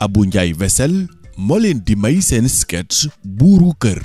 Abou Ndiaye Vaisselle moo leen di may seen sketch buuru kër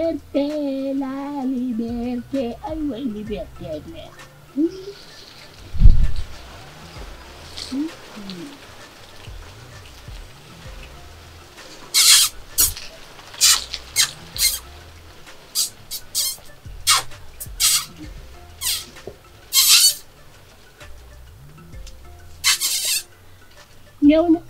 liberté, la liberté. Ay, güey, liberté, güey. Yo no.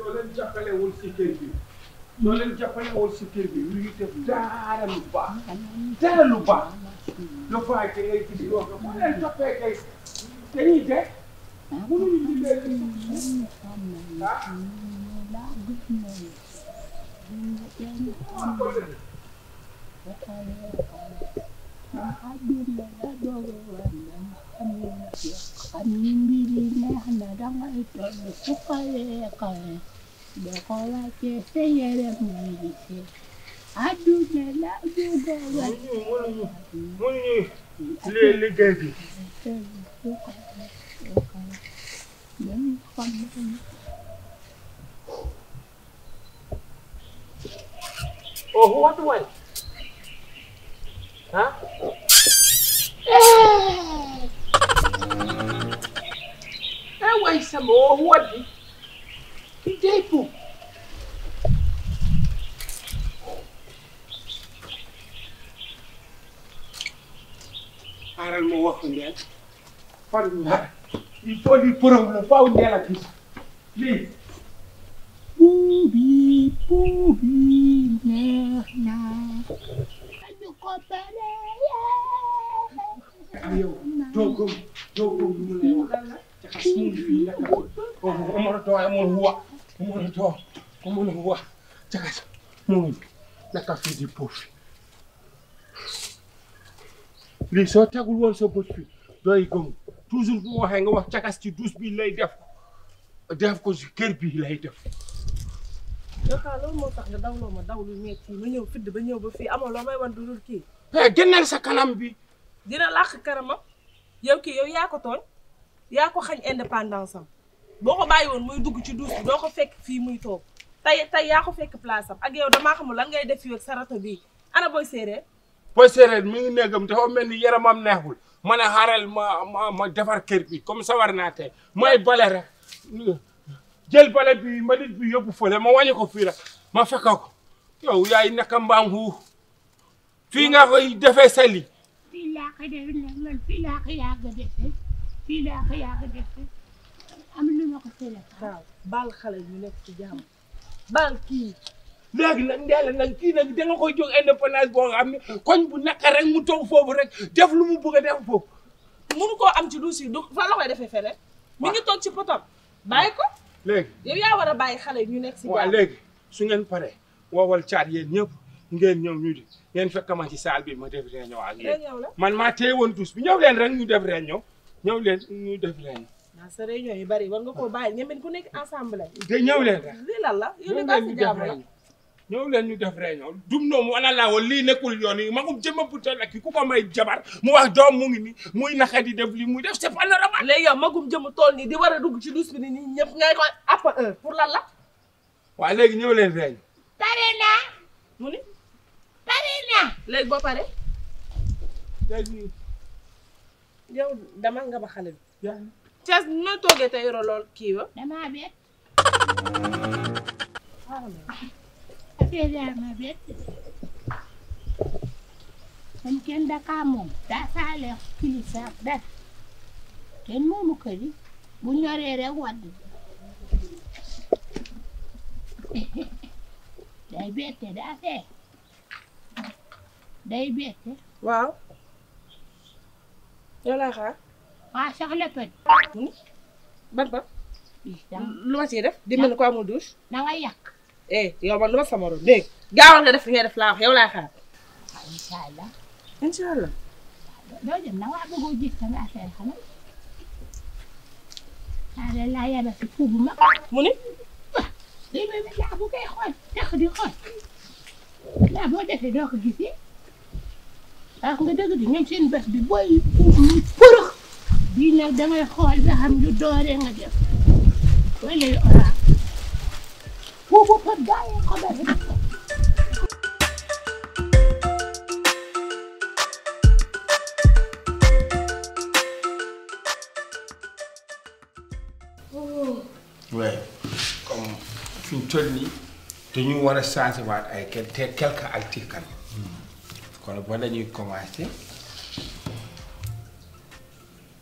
soo leen jàppalewul si kër bi soo leen jàppalewul si kër gi ñu ngi def dara lu baax dara lu baax lu baax da ngay gis yoo xam ne leen toppee kay dañuy dee mënuñu dimbee na ah. hana dangai tolu kukaye gbọ̀kọ̀wá jẹ sẹ́yẹrẹ mọ̀ èyí ṣe àdúgbò ládùúgbò wà. wọ́n ní Oh, what do I? Huh? Eh. eh, why some oh, what? Jacob xaaral ma wax ndeel fan la il faut di borom la faaw ndeel a gis lii buubi buubi neex na dañu ko bale am yow doogom doogom mu lay wax mu ngi fii naka ko amul tooy amul wax Umulitoa umulingua chakacha Mungu nakafidi pofi lii soo tegul woon sa bët fi doy gëm toujours bu waxee nga wax cakas ci douche bi lay def def ko si kër bi lay def dokaa loolu moo tax nga dawloo ma daw lu metti ma ñëw fidd ba ñëw ba fii amoo loo may wan du dul kii eh, génneel sa kanam bi dina làq kanamam yow kii yow yaa ko tooñ yaa ko xañ indépendance am boo ko bàyyi woon muy dugg ci duus bi doo ko fekk fii muy toog tey tey yaa ko fekk place am ak yow damaa xamul lan ngay def fii ak sarata bii ana booy séeréer booy séeréer mi ngi néegam dafa mel ni yaramam neexul ma ne ma ma ma defar kër bi comme ça war naa tey may bale rek jël bale bi mbalit bi yóbbu fële ma wàññi ko fii rek ma fekk ko yow yaay naka mbaam fii nga koy defee sali fii laa ko defee fii laa ko yàgg defee fii laa ko yàgg defee am na ma ko seetal. waaw baal xale ñu nekk ci jàmm baal kii. léegi nag ndeel nag kii nag da nga koy jóg indépendance boo xam ne koñ bu naka rek mu toog foofu rek def lu mu bugg a def foofu. mënu koo am ci duus yi du fa la koy defee feneen. mi ngi toog potam bàyyi ko. léegi yow yaa bàyyi xale ñu nekk si. waaw léegi su ngeen paree woowal caat yéen ñëpp ngeen ñëw ñu di ngeen fekk ma ci saal bi ma def réunion ak yéen. man maa téye woon duus bi ñëw leen rek ñu def réunion ñëw leen ñu def waaw ah, sa réunion yu bari war nga koo bàyyi ngeen ku nekk ensemble. te ñëw leen rek lii lan la yéen a ngi jàmm la ñëw leen ñu def réunion dum noomu ana laa woon lii nekkul yoon yi ma ko jëma butal ak ku ko may jabar mu wax doom mu ngi ni muy naxa di def li muy def c'est pas normal léegi yow magum jëm tool nii di war a dugg ci douche bi ni nii ñëpp ngay ko app heure pour lan la waaw léegi ñëw leen réunion pare naa mu ni pare naa léegi boo pare léegi yow dama nga ba xale bi Thiès noo toogee tey yoroo lool kii ba. damaa bett. affaire yaa ma bett. man kenn moom. daa faale kilifa dara. kenn moomu kër yi bu ñoree rek wadd. day bette daa waaw. yow laa ah sax la pët. ban lu ma ciy def di mel ko amul douche. da ngay yàq. eh man lu ma sama roon dégg gaawal def li ngay def laa wax yow laa xaar. waaw ah, incha allah. doo dem na waa bëggoo gis sama affaire xamal. ah de laa yàlla si kub bu mag. mu ah, lii mooy laa bu koy xool tax di xool. laa boo defee doo ko gisee. ah nga dëgg di ñoom seen bés bi booy. We dangay xool ba xam lu doore nga def wala yu oraa foofu fa gaaye xobal oui comme fi mu toll nii dañu a changé quelques actifs kan kon ba la commencé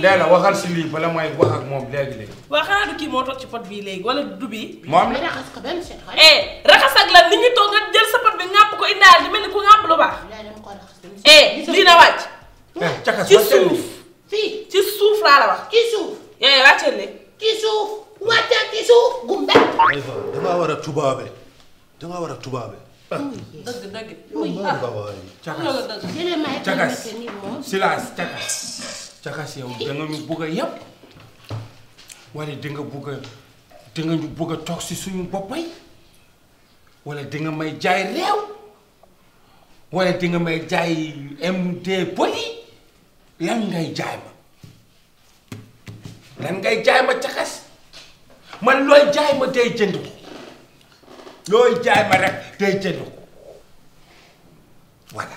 Leela waxal si lii bala moom léegi-léegi. waaw du kii moo toog ci pot bii léegi wala du bii. moom la raxas ko benn set. Eh, raxas ak lan li ñu toog nga jël sa pot bi ŋàpp ko indaale di mel ni ku ŋàpp lu baax. Eh, lii na eh, suuf. wax. ci suuf. suuf wàcceel ci suuf war a tubaabe dangaa war tubaabe. Ah. cakas cakas. Jaxas yow da ñu bugg a yàpp wala di bugg a ñu bugg a toog si suñu boppay wala di nga may jaay réew wala di may jaay MD poli lan ngay jaay ma lan ngay jaay ma Jaxas man looy jaay ma day jënd ko looy jaay ma rek day jënd ko voilà.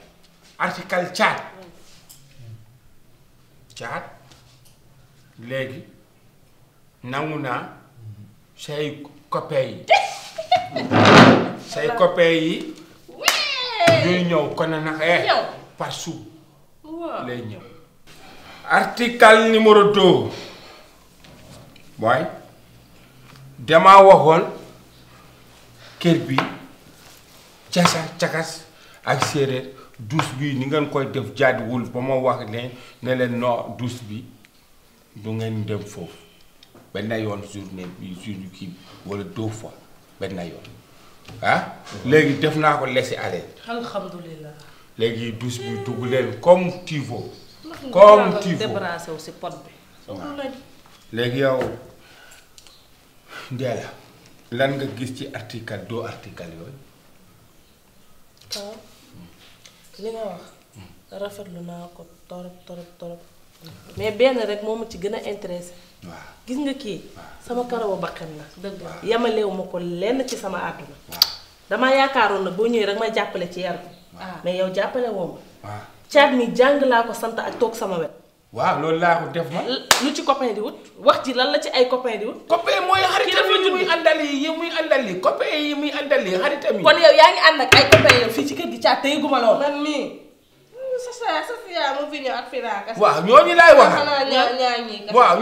article Tchad Tchad léegi nangu naa say copain yi say copain yi ñuy ñëw kon nag eh par sou lay ñëw article numéro deux waaye damaa waxoon kër bi casa cakas ak séeréer douche bi ni ngeen koy def jaaduwul ba ma wax ne ne leen non douche bi du ngeen dem foofu benn yoon journée bi journée kii wala deux fois benn yoon ah. léegi def naa ko laisser aller. alhamdulilah. léegi douche bi dugg leen comme tu veux. comme tu veux débarrassé wu si pot bi. léegi yow Ndéla lan nga gis ci article do article yooyu. li nga wax rafetlu naa ko torop torop torop mais benn rek moo ma ci gën a intéressé. gis nga kii sama karawu ba la. na la yemalewu ma ko lenn ci sama àdduna. damaa yaakaaroon na boo ñëwee rek ma jàppale ci yar mais yow jàppale woo ma. caat mi jàng laa ko sant ak toog sama wet. waaw loolu laa ko def ma. lu ci copain di wut wax ji lan la ci ay copain di wut. copain mooy xaritam yi muy àndal yi muy àndal yi copain yi muy àndal yi fii ci kër gi caa tey guma lool. man sa sa sa yaa waaw ñooñu laay waxal xanaa ñaar ñaar ñii. waaw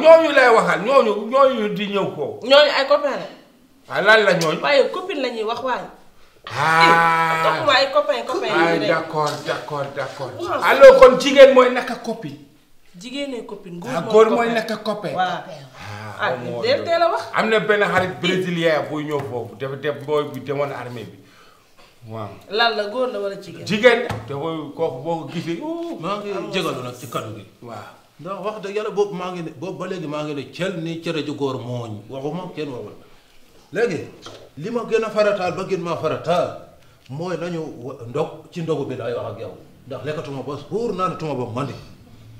ñooñu ñooñu di ñëw foofu. ñooñu ay copain la. Ah, la ñooñu. waaye copine la wax waaye. ah eh, topp ma ay kon jigéen mooy naka copine jigéene copine góor ah, mooy góor mooy nekk copain. am na benn xarit brésilien buy ñëw foofu dafa def booy bu demoon armée bi waaw. lan la góor la wala jigéen. te dafa kooku boo ko gisee. maa ngi jégalu nag ci kanu gi. waaw ndax wax dëgg yàlla boobu maa ngi ne boobu ba léegi maa ngi ne cel ni cere ju góor mooñ waxuma kenn waxul léegi li ma gën a farataal ba gën maa farataal mooy nañu ndog ci ndogu bi laay wax ak yow ndax lekkatuma ba suur naanatuma ba mandi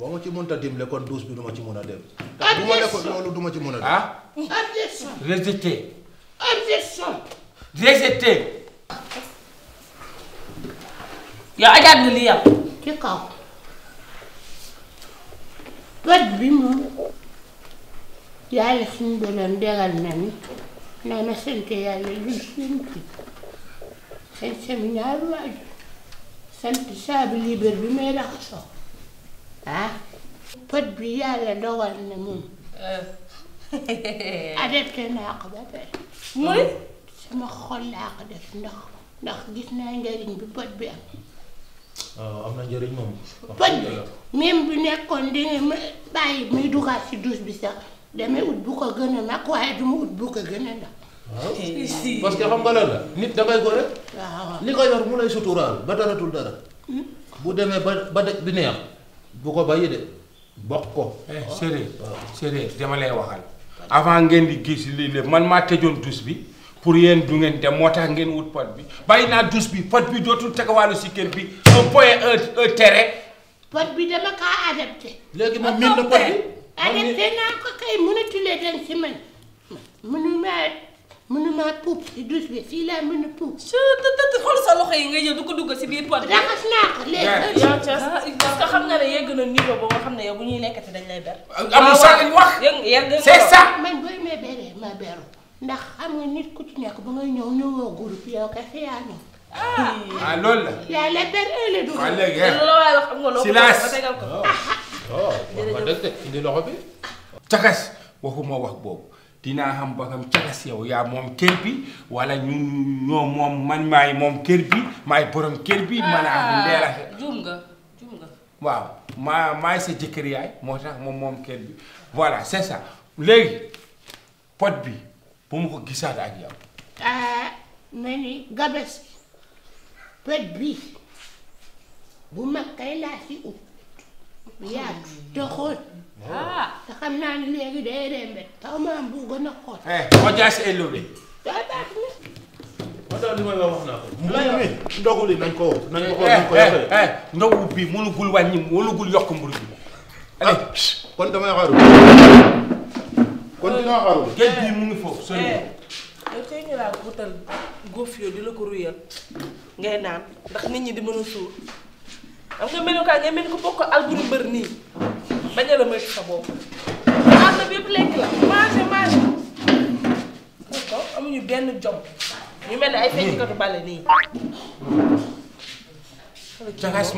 boo ma ci mënta le kon douche bi ma ci a dem. objection bu ma nekkoon ma ci a ah. objection. rejeté. objection. rejeté. yow ajaat nga lii yàlla. ci C'est bi moom yàlla suñu borom de que ni naa c'est ah pët bi yàlla dogal na moom. adapté naa ko ba pare. muy sama xol laa ko def ndax ndax gis naa njëriñ bi pët bi am. waaw oh, am na njëriñ moom. pët bi même bu nekkoon dina ma bàyyi muy dugaat si douche bi sax damay ut bu ko gën a mag waaye du ma ut bu ko gën a ndax. waaw eh, eh, parce que xam nga la nit dangay gore. waaw li ko yor mu lay suturaal ba dara dul hmm? dara. bu demee ba ba dëkk bi neex. bu ko bàyyi de bok ko. sere eh, sere ah. dama lay waxal avant ngeen di gis li le man ma tejon tous bi pour yeen du ngeen dem moo ngeen wut pot bi bayina tous bi pot bi dootul tegawaalu ci kër bi un point un un terrain. pot bi dama ka adapté. legui mo min na pot bi adapté na ko kay tulé den si man munu ma puub ci douche bi la munu mën ci puub. su xol sa loxo nga jël ko dugg si biir pot bi. raxas naa ko ci ne yegg na niveau ba nga xam ne yow bu ñuy lekkati dañ lay ber. amul sax ñu wax c'est ça. mañ booy may beree ma beru ndax xam nga nit ku ci nekk ba ngay ñëw ñëwoo groupe yow kese yaa ñëw. ah, ah loolu la. yaa la ber ëllëg. waaw léegi rek eh. silaas oh. ah, ah. oh, indi loxo bi. cakas waxuma wax boobu dinaa xam ba xam cakas yow yaa moom kër bi wala ñu ñoo moom man maay moom kër bi maay borom kër bi. man a am ndee la. juum nga juum nga. waaw maa maay sa jëkkër yaay moo tax moom moom kenn bi voilà c'est ça léegi pot bi bu ko gisaat ak yow. ah ma bi bu mag kay laa si ut yaatu ah. te xóot. naa ne léegi day rembe xaw ma am bu gën a xóot. eh Odia si wala li ma la wax na ko lay ndogu li nañ ko nañ ko nañ ko yoxé eh ndogu bi mënu gul wañi mënu gul yok mburu bi allez kon dama xaru kon dina xaru geej bi mu ngi fofu eh, sori yow tay ñu eh, la wutal goof yo di la ko ruyal ngay naan ndax nit ñi di mëna suur am nga melu ka ngay mel ko bokk alburu mbeur ni baña la meuk sa bop am na bëpp lek la mangé mangé ko amuñu benn jom ñu mel ne ay fecckatu bale nii. Jaxas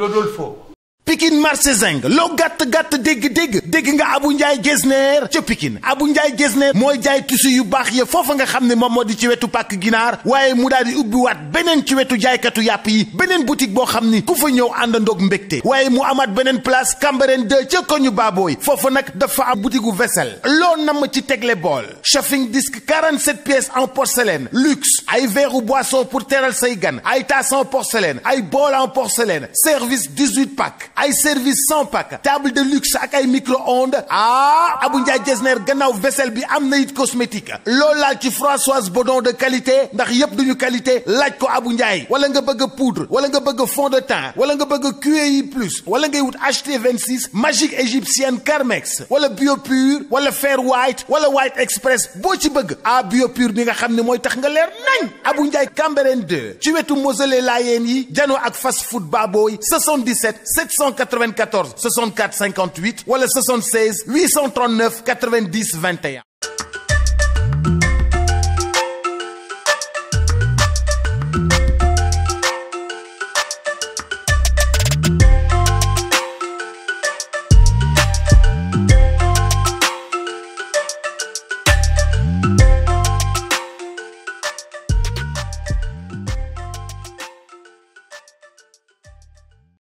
Rodolfo. Pikine marché lo gat gat dig dig dig nga Abu Gesner ci Pikine Abu Gesner Moy jaay tissu yu bax ya fofu nga xam mom modi ci wetu pàkk ginar waye mu daal ubbi wat benen ci wetu jaaykatu yap yi benen boutique bo xam ni ku fa ñew andandok mbekté waye mu amaat benen place Cambérène 2 ci koñu Baboy fofu nak dafa am boutique vessel lo nam ci tegle bool chafing disc 47 pièces en porcelaine luxe ay verre boisson pour teral say gan ay tasse en porcelaine ay bol en porcelaine service 18 pack service sans pack table de luxe ak micro-ondes ah Abou Ndiaye Jesner gannaaw vaisselle bi am it cosmétique lola Françoise Bodon de qualité ndax yep duñu qualité laaj ko Abou Ndiaye wala nga bëgg poudre wala nga bëgg fond de teint wala nga bëgg QI plus wala ngay wut HT26 magique égyptienne Carmex wala pure wala Fair White wala White Express boo ci bëgg ah bio bi nga moi moy tax nga leer nañ Abou Ndiaye Cambérène 2 ci wetu diano ak fast food boy. 77 700 94 64 58 le 76 839 90 21